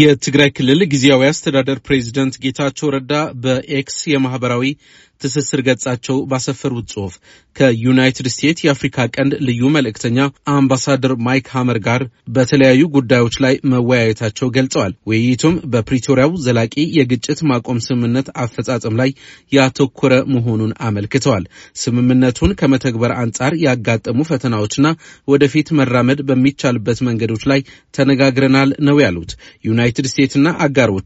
የትግራይ ክልል ጊዜያዊ አስተዳደር ፕሬዚደንት ጌታቸው ረዳ በኤክስ የማህበራዊ ትስስር ገጻቸው ባሰፈሩት ጽሑፍ ከዩናይትድ ስቴትስ የአፍሪካ ቀንድ ልዩ መልእክተኛ አምባሳደር ማይክ ሃመር ጋር በተለያዩ ጉዳዮች ላይ መወያየታቸው ገልጸዋል። ውይይቱም በፕሪቶሪያው ዘላቂ የግጭት ማቆም ስምምነት አፈጻጸም ላይ ያተኮረ መሆኑን አመልክተዋል። ስምምነቱን ከመተግበር አንጻር ያጋጠሙ ፈተናዎችና ወደፊት መራመድ በሚቻልበት መንገዶች ላይ ተነጋግረናል ነው ያሉት። ዩናይትድ ስቴትስና አጋሮቿ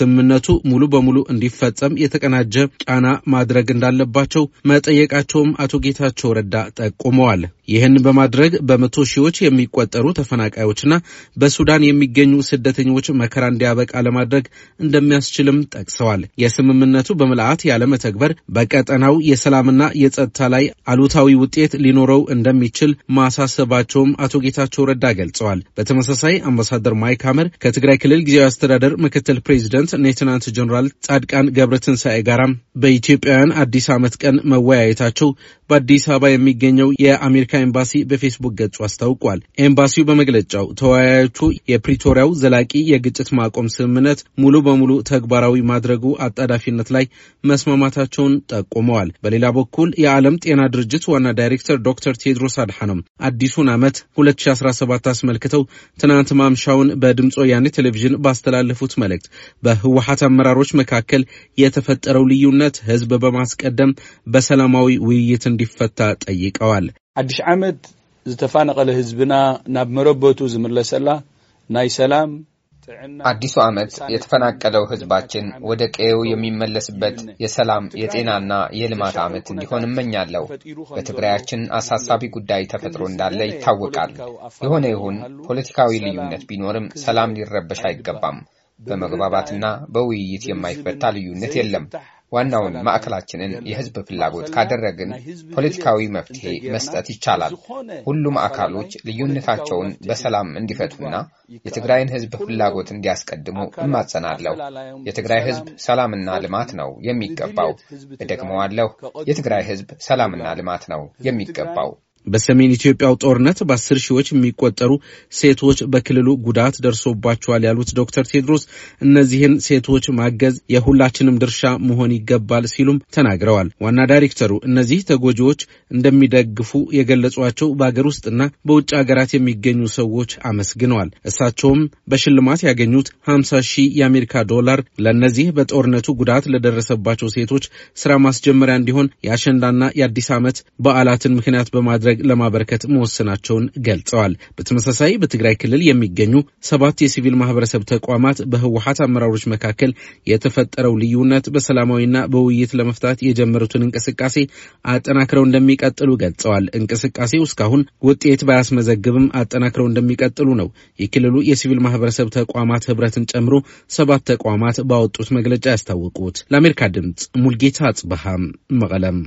ስምምነቱ ሙሉ በሙሉ እንዲፈጸም የተቀናጀ ጫና ማድረግ ማድረግ እንዳለባቸው መጠየቃቸውም አቶ ጌታቸው ረዳ ጠቁመዋል። ይህን በማድረግ በመቶ ሺዎች የሚቆጠሩ ተፈናቃዮችና በሱዳን የሚገኙ ስደተኞች መከራ እንዲያበቃ ለማድረግ እንደሚያስችልም ጠቅሰዋል። የስምምነቱ በምልአት ያለመተግበር በቀጠናው የሰላምና የጸጥታ ላይ አሉታዊ ውጤት ሊኖረው እንደሚችል ማሳሰባቸውም አቶ ጌታቸው ረዳ ገልጸዋል። በተመሳሳይ አምባሳደር ማይክ ሀመር ከትግራይ ክልል ጊዜያዊ አስተዳደር ምክትል ፕሬዚደንት ሌትናንት ጀኔራል ጻድቃን ገብረትንሳኤ ጋራም በኢትዮጵያ ኢትዮጵያውያን አዲስ ዓመት ቀን መወያየታቸው በአዲስ አበባ የሚገኘው የአሜሪካ ኤምባሲ በፌስቡክ ገጹ አስታውቋል። ኤምባሲው በመግለጫው ተወያዮቹ የፕሪቶሪያው ዘላቂ የግጭት ማቆም ስምምነት ሙሉ በሙሉ ተግባራዊ ማድረጉ አጣዳፊነት ላይ መስማማታቸውን ጠቁመዋል። በሌላ በኩል የዓለም ጤና ድርጅት ዋና ዳይሬክተር ዶክተር ቴድሮስ አድሓኖም አዲሱን ዓመት 2017 አስመልክተው ትናንት ማምሻውን በድምፅ ወያኔ ቴሌቪዥን ባስተላለፉት መልእክት በህወሀት አመራሮች መካከል የተፈጠረው ልዩነት ህዝብ በማስቀደም በሰላማዊ ውይይትን እንዲፈታ ጠይቀዋል። አዲስ ዓመት ዝተፋነቐለ ህዝብና ናብ መረበቱ ዝምለሰላ ናይ ሰላም አዲሱ ዓመት የተፈናቀለው ህዝባችን ወደ ቀየው የሚመለስበት የሰላም የጤናና የልማት ዓመት እንዲሆን እመኛለሁ። በትግራያችን አሳሳቢ ጉዳይ ተፈጥሮ እንዳለ ይታወቃል። የሆነ ይሁን ፖለቲካዊ ልዩነት ቢኖርም ሰላም ሊረበሽ አይገባም። በመግባባትና በውይይት የማይፈታ ልዩነት የለም። ዋናውን ማዕከላችንን የህዝብ ፍላጎት ካደረግን ፖለቲካዊ መፍትሄ መስጠት ይቻላል። ሁሉም አካሎች ልዩነታቸውን በሰላም እንዲፈቱና የትግራይን ህዝብ ፍላጎት እንዲያስቀድሙ እማጸናለሁ። የትግራይ ህዝብ ሰላምና ልማት ነው የሚገባው። እደግመዋለሁ። የትግራይ ህዝብ ሰላምና ልማት ነው የሚገባው። በሰሜን ኢትዮጵያው ጦርነት በአስር ሺዎች የሚቆጠሩ ሴቶች በክልሉ ጉዳት ደርሶባቸዋል ያሉት ዶክተር ቴድሮስ እነዚህን ሴቶች ማገዝ የሁላችንም ድርሻ መሆን ይገባል ሲሉም ተናግረዋል። ዋና ዳይሬክተሩ እነዚህ ተጎጂዎች እንደሚደግፉ የገለጿቸው በአገር ውስጥና በውጭ ሀገራት የሚገኙ ሰዎች አመስግነዋል። እሳቸውም በሽልማት ያገኙት 50 ሺህ የአሜሪካ ዶላር ለእነዚህ በጦርነቱ ጉዳት ለደረሰባቸው ሴቶች ስራ ማስጀመሪያ እንዲሆን የአሸንዳና የአዲስ ዓመት በዓላትን ምክንያት በማድረግ ማዕረግ ለማበረከት መወሰናቸውን ገልጸዋል። በተመሳሳይ በትግራይ ክልል የሚገኙ ሰባት የሲቪል ማህበረሰብ ተቋማት በህወሀት አመራሮች መካከል የተፈጠረው ልዩነት በሰላማዊና በውይይት ለመፍታት የጀመሩትን እንቅስቃሴ አጠናክረው እንደሚቀጥሉ ገልጸዋል። እንቅስቃሴው እስካሁን ውጤት ባያስመዘግብም አጠናክረው እንደሚቀጥሉ ነው የክልሉ የሲቪል ማህበረሰብ ተቋማት ህብረትን ጨምሮ ሰባት ተቋማት ባወጡት መግለጫ ያስታወቁት። ለአሜሪካ ድምፅ ሙልጌታ አጽበሃም መቀለም